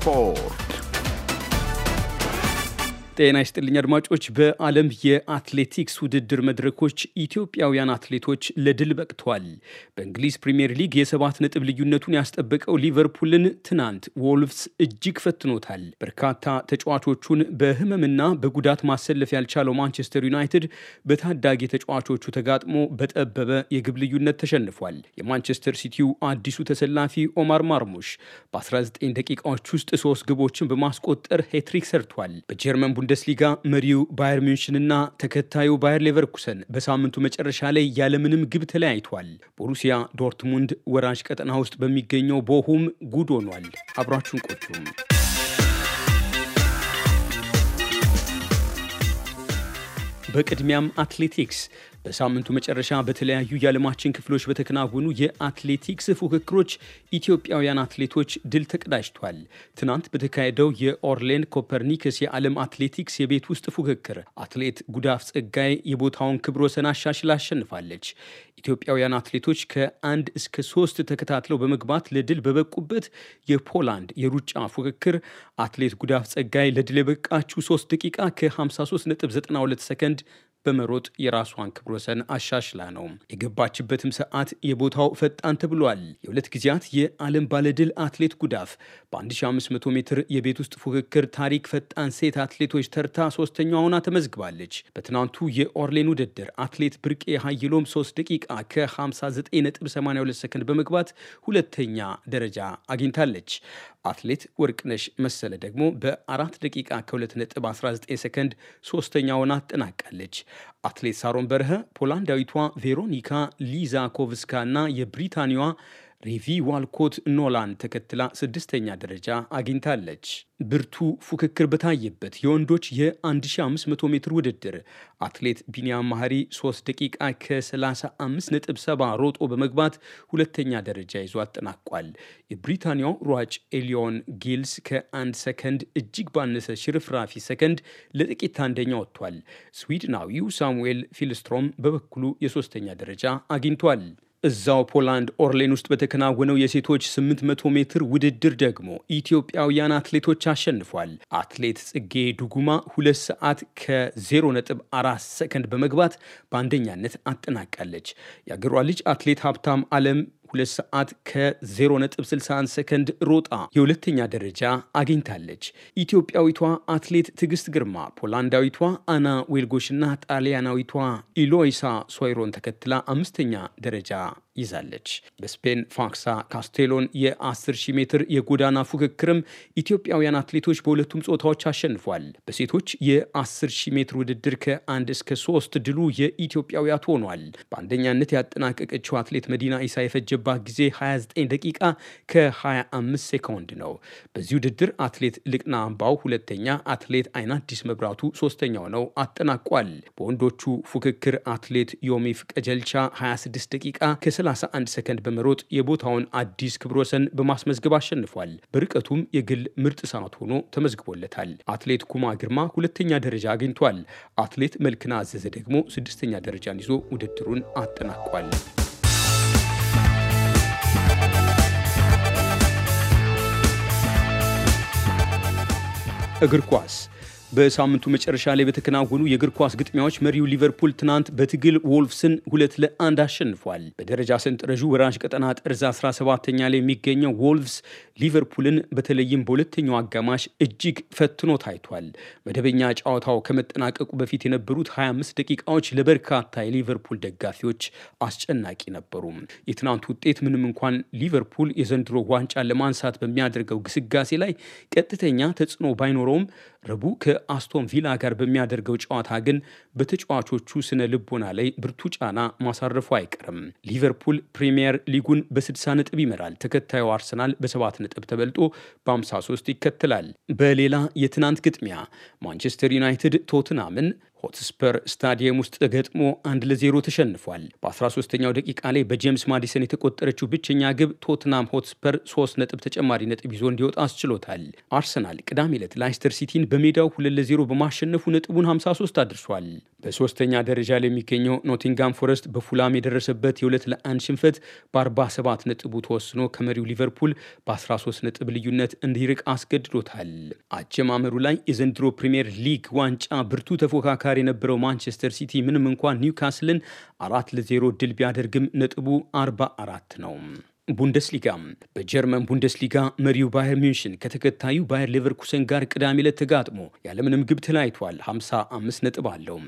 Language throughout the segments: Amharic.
Four. ጤና ይስጥልኝ አድማጮች። በዓለም የአትሌቲክስ ውድድር መድረኮች ኢትዮጵያውያን አትሌቶች ለድል በቅተዋል። በእንግሊዝ ፕሪምየር ሊግ የሰባት ነጥብ ልዩነቱን ያስጠበቀው ሊቨርፑልን ትናንት ወልቭስ እጅግ ፈትኖታል። በርካታ ተጫዋቾቹን በህመምና በጉዳት ማሰለፍ ያልቻለው ማንቸስተር ዩናይትድ በታዳጊ ተጫዋቾቹ ተጋጥሞ በጠበበ የግብ ልዩነት ተሸንፏል። የማንቸስተር ሲቲው አዲሱ ተሰላፊ ኦማር ማርሙሽ በ19 ደቂቃዎች ውስጥ ሶስት ግቦችን በማስቆጠር ሄትሪክ ሰርቷል። በጀርመን ቡንደስሊጋ መሪው ባየር ሚንሽንና ተከታዩ ባየር ሌቨርኩሰን በሳምንቱ መጨረሻ ላይ ያለምንም ግብ ተለያይቷል። ቦሩሲያ ዶርትሙንድ ወራጅ ቀጠና ውስጥ በሚገኘው ቦሁም ጉድ ሆኗል። አብራችሁን ቆዩም። በቅድሚያም አትሌቲክስ በሳምንቱ መጨረሻ በተለያዩ የዓለማችን ክፍሎች በተከናወኑ የአትሌቲክስ ፉክክሮች ኢትዮጵያውያን አትሌቶች ድል ተቀዳጅቷል። ትናንት በተካሄደው የኦርሌን ኮፐርኒክስ የዓለም አትሌቲክስ የቤት ውስጥ ፉክክር አትሌት ጉዳፍ ጸጋይ የቦታውን ክብረ ወሰን አሻሽላ አሸንፋለች። ኢትዮጵያውያን አትሌቶች ከአንድ እስከ ሶስት ተከታትለው በመግባት ለድል በበቁበት የፖላንድ የሩጫ ፉክክር አትሌት ጉዳፍ ጸጋይ ለድል የበቃችው 3 ደቂቃ ከ53.92 ሰከንድ በመሮጥ የራሷን ክብረ ወሰን አሻሽላ ነው የገባችበትም ሰዓት የቦታው ፈጣን ተብሏል። የሁለት ጊዜያት የዓለም ባለድል አትሌት ጉዳፍ በ1500 ሜትር የቤት ውስጥ ፉክክር ታሪክ ፈጣን ሴት አትሌቶች ተርታ ሶስተኛ ሆና ተመዝግባለች። በትናንቱ የኦርሌን ውድድር አትሌት ብርቄ ሀይሎም 3 ደቂቃ ከ59.82 ሰከንድ በመግባት ሁለተኛ ደረጃ አግኝታለች። አትሌት ወርቅነሽ መሰለ ደግሞ በ4 ደቂቃ ከ2.19 ሰከንድ ሶስተኛውን አጠናቃለች። አትሌት ሳሮን በርሀ፣ ፖላንዳዊቷ ቬሮኒካ ሊዛኮቭስካ እና የብሪታንያዋ ሪቪ ዋልኮት ኖላን ተከትላ ስድስተኛ ደረጃ አግኝታለች። ብርቱ ፉክክር በታየበት የወንዶች የ1500 ሜትር ውድድር አትሌት ቢንያም ማህሪ 3 ደቂቃ ከ35.7 ሮጦ በመግባት ሁለተኛ ደረጃ ይዞ አጠናቋል። የብሪታንያው ሯጭ ኤሊዮን ጊልስ ከአንድ ሰከንድ እጅግ ባነሰ ሽርፍራፊ ሰከንድ ለጥቂት አንደኛ ወጥቷል። ስዊድናዊው ሳሙኤል ፊልስትሮም በበኩሉ የሶስተኛ ደረጃ አግኝቷል። እዛው ፖላንድ ኦርሌን ውስጥ በተከናወነው የሴቶች 800 ሜትር ውድድር ደግሞ ኢትዮጵያውያን አትሌቶች አሸንፏል። አትሌት ጽጌ ዱጉማ ሁለት ሰዓት ከ0.4 ሰከንድ በመግባት በአንደኛነት አጠናቃለች። የአገሯ ልጅ አትሌት ሀብታም አለም 2 ሰዓት ከ0.61 ሰከንድ ሮጣ የሁለተኛ ደረጃ አግኝታለች። ኢትዮጵያዊቷ አትሌት ትዕግስት ግርማ ፖላንዳዊቷ አና ዌልጎሽና ጣሊያናዊቷ ኢሎይሳ ሶይሮን ተከትላ አምስተኛ ደረጃ ይዛለች። በስፔን ፋክሳ ካስቴሎን የ10ሺ ሜትር የጎዳና ፉክክርም ኢትዮጵያውያን አትሌቶች በሁለቱም ጾታዎች አሸንፏል። በሴቶች የ10ሺ ሜትር ውድድር ከአንድ እስከ ሶስት ድሉ የኢትዮጵያውያት ሆኗል። በአንደኛነት ያጠናቀቀችው አትሌት መዲና ኢሳ የፈጀባት ጊዜ 29 ደቂቃ ከ25 ሴኮንድ ነው። በዚህ ውድድር አትሌት ልቅና አምባው ሁለተኛ፣ አትሌት አይናዲስ አዲስ መብራቱ ሶስተኛው ነው አጠናቋል። በወንዶቹ ፉክክር አትሌት ዮሚፍ ቀጀልቻ 26 ደቂቃ 31 ሰከንድ በመሮጥ የቦታውን አዲስ ክብረ ወሰን በማስመዝገብ አሸንፏል። በርቀቱም የግል ምርጥ ሰዓት ሆኖ ተመዝግቦለታል። አትሌት ኩማ ግርማ ሁለተኛ ደረጃ አግኝቷል። አትሌት መልክና አዘዘ ደግሞ ስድስተኛ ደረጃን ይዞ ውድድሩን አጠናቋል። እግር ኳስ በሳምንቱ መጨረሻ ላይ በተከናወኑ የእግር ኳስ ግጥሚያዎች መሪው ሊቨርፑል ትናንት በትግል ወልፍስን ሁለት ለአንድ አሸንፏል። በደረጃ ሰንጠረዡ ወራጅ ቀጠና ጠርዝ 17ተኛ ላይ የሚገኘው ወልቭስ ሊቨርፑልን በተለይም በሁለተኛው አጋማሽ እጅግ ፈትኖ ታይቷል። መደበኛ ጨዋታው ከመጠናቀቁ በፊት የነበሩት 25 ደቂቃዎች ለበርካታ የሊቨርፑል ደጋፊዎች አስጨናቂ ነበሩ። የትናንቱ ውጤት ምንም እንኳን ሊቨርፑል የዘንድሮ ዋንጫን ለማንሳት በሚያደርገው ግስጋሴ ላይ ቀጥተኛ ተጽዕኖ ባይኖረውም ረቡዕ ከአስቶን ቪላ ጋር በሚያደርገው ጨዋታ ግን በተጫዋቾቹ ስነ ልቦና ላይ ብርቱ ጫና ማሳረፉ አይቀርም። ሊቨርፑል ፕሪምየር ሊጉን በ60 ነጥብ ይመራል። ተከታዩ አርሰናል በ7 ነጥብ ተበልጦ በ53 ይከተላል። በሌላ የትናንት ግጥሚያ ማንቸስተር ዩናይትድ ቶትናምን ሆትስፐር ስታዲየም ውስጥ ተገጥሞ አንድ ለዜሮ ተሸንፏል። በ13ኛው ደቂቃ ላይ በጄምስ ማዲሰን የተቆጠረችው ብቸኛ ግብ ቶትናም ሆትስፐር ሶስት ነጥብ ተጨማሪ ነጥብ ይዞ እንዲወጣ አስችሎታል። አርሰናል ቅዳሜ ዕለት ላይስተር ሲቲን በሜዳው ሁለት ለዜሮ በማሸነፉ ነጥቡን 53 አድርሷል። በሶስተኛ ደረጃ ላይ የሚገኘው ኖቲንጋም ፎረስት በፉላም የደረሰበት የሁለት ለአንድ ሽንፈት በ47 ነጥቡ ተወስኖ ከመሪው ሊቨርፑል በ13 ነጥብ ልዩነት እንዲርቅ አስገድዶታል። አጀማመሩ ላይ የዘንድሮ ፕሪምየር ሊግ ዋንጫ ብርቱ ተፎካካሪ ጋር የነበረው ማንቸስተር ሲቲ ምንም እንኳን ኒውካስልን አራት ለዜሮ ድል ቢያደርግም ነጥቡ አራት ነው። ቡንደስሊጋ በጀርመን ቡንደስሊጋ መሪው ባየር ሚንሽን ከተከታዩ ባየር ሌቨርኩሰን ጋር ቅዳሜ ዕለት ተጋጥሞ ያለምንም ግብ ተለያይቷል። 55 ነጥብ አለው።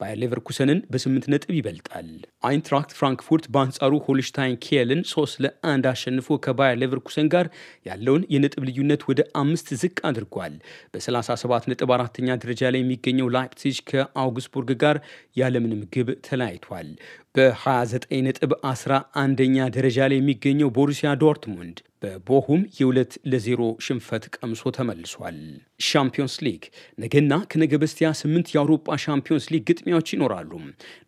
ባየር ሌቨርኩሰንን በ8 ነጥብ ይበልጣል። አይንትራክት ፍራንክፉርት በአንጻሩ ሆልሽታይን ኬልን 3 ለአንድ አሸንፎ ከባየር ሌቨርኩሰን ጋር ያለውን የነጥብ ልዩነት ወደ አምስት ዝቅ አድርጓል። በ37 ነጥብ አራተኛ ደረጃ ላይ የሚገኘው ላይፕሲጅ ከአውግስቡርግ ጋር ያለምንም ግብ ተለያይቷል። በ29 ነጥብ 11ኛ ደረጃ ላይ የሚገኘው ቦሩሲያ ዶርትሙንድ በቦሁም የሁለት ለዜሮ ሽንፈት ቀምሶ ተመልሷል። ሻምፒዮንስ ሊግ ነገና ከነገ በስቲያ ስምንት የአውሮፓ ሻምፒዮንስ ሊግ ግጥሚያዎች ይኖራሉ።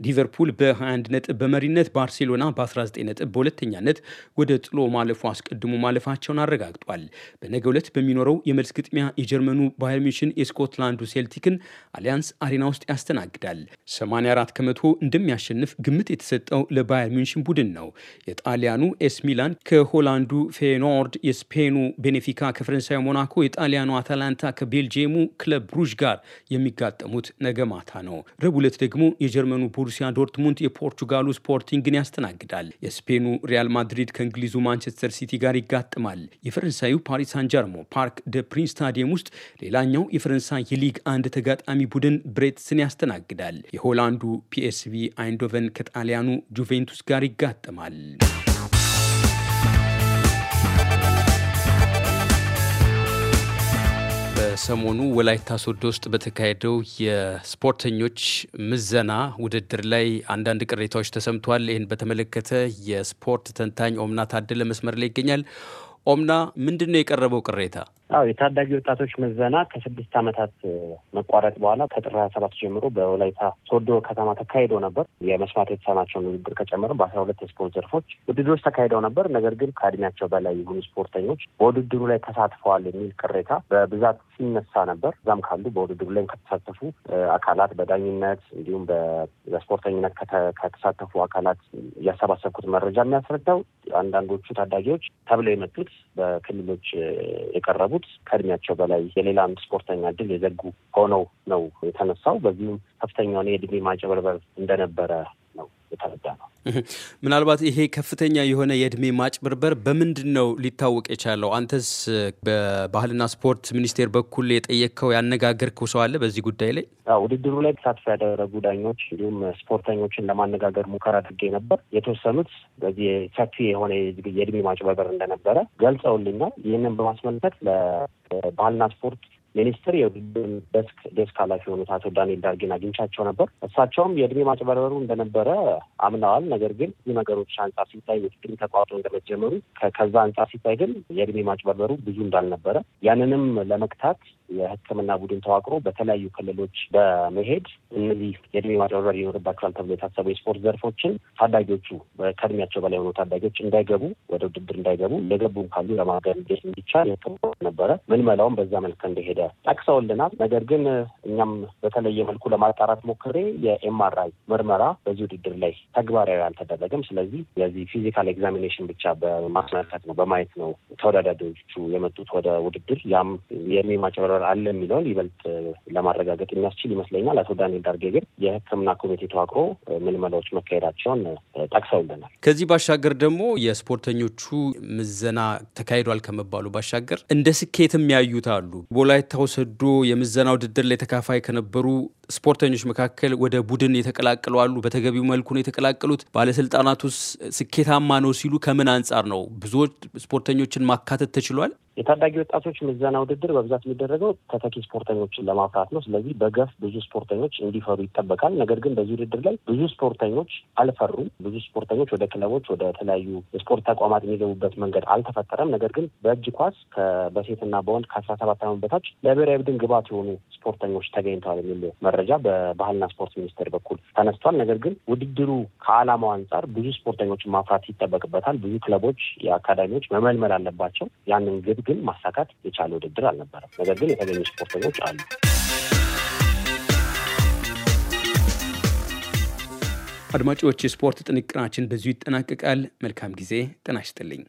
ሊቨርፑል በ21 ነጥብ በመሪነት ባርሴሎና በ19 ነጥብ በሁለተኛነት ወደ ጥሎ ማለፉ አስቀድሞ ማለፋቸውን አረጋግጧል። በነገ ዕለት በሚኖረው የመልስ ግጥሚያ የጀርመኑ ባየር ሚሽን የስኮትላንዱ ሴልቲክን አሊያንስ አሬና ውስጥ ያስተናግዳል። 84 ከመቶ እንደሚያሸንፍ ግምት የተሰጠው ለባየር ሚንሽን ቡድን ነው። የጣሊያኑ ኤስ ሚላን ከሆላንዱ ፌ ፌኖርድ የስፔኑ ቤኔፊካ ከፈረንሳዩ ሞናኮ፣ የጣሊያኑ አታላንታ ከቤልጅየሙ ክለብ ብሩዥ ጋር የሚጋጠሙት ነገ ማታ ነው። ረቡዕ ዕለት ደግሞ የጀርመኑ ቦሩሲያ ዶርትሙንድ የፖርቹጋሉ ስፖርቲንግን ያስተናግዳል። የስፔኑ ሪያል ማድሪድ ከእንግሊዙ ማንቸስተር ሲቲ ጋር ይጋጥማል። የፈረንሳዩ ፓሪስ ሳንጀርሞ ፓርክ ደ ፕሪንስ ስታዲየም ውስጥ ሌላኛው የፈረንሳይ የሊግ አንድ ተጋጣሚ ቡድን ብሬትስን ያስተናግዳል። የሆላንዱ ፒኤስቪ አይንዶቨን ከጣሊያኑ ጁቬንቱስ ጋር ይጋጠማል። ሰሞኑ ወላይታ ሶዶ ውስጥ በተካሄደው የስፖርተኞች ምዘና ውድድር ላይ አንዳንድ ቅሬታዎች ተሰምተዋል። ይህን በተመለከተ የስፖርት ተንታኝ ኦምና ታደለ መስመር ላይ ይገኛል። ኦምና፣ ምንድን ነው የቀረበው ቅሬታ? አዎ የታዳጊ ወጣቶች ምዘና ከስድስት ዓመታት መቋረጥ በኋላ ከጥር ሀያ ሰባት ጀምሮ በወላይታ ሶዶ ከተማ ተካሂዶ ነበር። የመስማት የተሳናቸውን ውድድር ከጨመረ በአስራ ሁለት የስፖርት ዘርፎች ውድድሮች ተካሂደው ነበር። ነገር ግን ከእድሜያቸው በላይ የሆኑ ስፖርተኞች በውድድሩ ላይ ተሳትፈዋል የሚል ቅሬታ በብዛት ሲነሳ ነበር። እዛም ካሉ በውድድሩ ላይ ከተሳተፉ አካላት በዳኝነት እንዲሁም በስፖርተኝነት ከተሳተፉ አካላት እያሰባሰብኩት መረጃ የሚያስረዳው አንዳንዶቹ ታዳጊዎች ተብለው የመጡት በክልሎች የቀረቡ የዘጉት ከእድሜያቸው በላይ የሌላ አንድ ስፖርተኛ ድል የዘጉ ሆነው ነው የተነሳው። በዚህም ከፍተኛውን የእድሜ ማጭበርበር እንደነበረ ነው የተረዳ ነው። ምናልባት ይሄ ከፍተኛ የሆነ የእድሜ ማጭበርበር በምንድን ነው ሊታወቅ የቻለው? አንተስ በባህልና ስፖርት ሚኒስቴር በኩል የጠየቅከው ያነጋገርከው ሰው አለ በዚህ ጉዳይ ላይ? ውድድሩ ላይ ተሳትፎ ያደረጉ ዳኞች እንዲሁም ስፖርተኞችን ለማነጋገር ሙከራ አድርጌ ነበር። የተወሰኑት በዚህ ሰፊ የሆነ የእድሜ ማጭበርበር እንደነበረ ገልጸውልኛል። ይህንን በማስመልከት ለባህልና ስፖርት ሚኒስትር የውድድር ደስክ ዴስክ ኃላፊ የሆኑት አቶ ዳንኤል ዳርጌን አግኝቻቸው ነበር። እሳቸውም የእድሜ ማጭበርበሩ እንደነበረ አምነዋል። ነገር ግን ብዙ ነገሮች አንጻር ሲታይ ውድድር ተቋርጦ እንደመጀመሩ ከዛ አንጻር ሲታይ ግን የእድሜ ማጭበርበሩ ብዙ እንዳልነበረ ያንንም ለመግታት የህክምና ቡድን ተዋቅሮ በተለያዩ ክልሎች በመሄድ እነዚህ የእድሜ ማጭበርበር ይኖርባቸዋል ተብሎ የታሰቡ የስፖርት ዘርፎችን ታዳጊዎቹ ከእድሜያቸው በላይ የሆኑ ታዳጊዎች እንዳይገቡ ወደ ውድድር እንዳይገቡ እንደገቡም ካሉ ለማገር እንዴት እንዲቻል የሕክምና ነበረ መላውም በዛ መልክ እንደሄደ ጠቅሰውልናል። ነገር ግን እኛም በተለየ መልኩ ለማጣራት ሞክሬ የኤምአርአይ ምርመራ በዚህ ውድድር ላይ ተግባራዊ አልተደረገም። ስለዚህ የዚህ ፊዚካል ኤግዛሚኔሽን ብቻ በማስመልከት ነው በማየት ነው ተወዳዳሪዎቹ የመጡት ወደ ውድድር ያም የእድሜ ማጭበርበር አለ የሚለውን ይበልጥ ለማረጋገጥ የሚያስችል ይመስለኛል። አቶ ዳንኤል ዳርጌ ግን የሕክምና ኮሚቴ ተዋቅሮ ምልመላዎች መካሄዳቸውን ጠቅሰውልናል። ከዚህ ባሻገር ደግሞ የስፖርተኞቹ ምዘና ተካሂዷል ከመባሉ ባሻገር እንደ ስኬትም ያዩት አሉ። ወላይታ ሰዶ የምዘና ውድድር ላይ ተካፋይ ከነበሩ ስፖርተኞች መካከል ወደ ቡድን የተቀላቀሉ አሉ። በተገቢው መልኩ ነው የተቀላቀሉት። ባለስልጣናቱስ ስኬታማ ነው ሲሉ ከምን አንጻር ነው ብዙዎች ስፖርተኞችን ማካተት ተችሏል? የታዳጊ ወጣቶች ምዘና ውድድር በብዛት የሚደረገው ተተኪ ስፖርተኞችን ለማፍራት ነው። ስለዚህ በገፍ ብዙ ስፖርተኞች እንዲፈሩ ይጠበቃል። ነገር ግን በዚህ ውድድር ላይ ብዙ ስፖርተኞች አልፈሩም። ብዙ ስፖርተኞች ወደ ክለቦች፣ ወደ ተለያዩ የስፖርት ተቋማት የሚገቡበት መንገድ አልተፈጠረም። ነገር ግን በእጅ ኳስ በሴትና በወንድ ከአስራ ሰባት ዓመት በታች ለብሔራዊ ቡድን ግባት የሆኑ ስፖርተኞች ተገኝተዋል የሚል መረጃ በባህልና ስፖርት ሚኒስቴር በኩል ተነስቷል። ነገር ግን ውድድሩ ከዓላማው አንጻር ብዙ ስፖርተኞችን ማፍራት ይጠበቅበታል። ብዙ ክለቦች የአካዳሚዎች መመልመል አለባቸው። ያንን ግብ ግን ማሳካት የቻለ ውድድር አልነበረም። ነገር ግን የተገኙ ስፖርተኞች አሉ። አድማጮች፣ የስፖርት ጥንቅናችን በዚሁ ይጠናቀቃል። መልካም ጊዜ። ጤና ይስጥልኝ።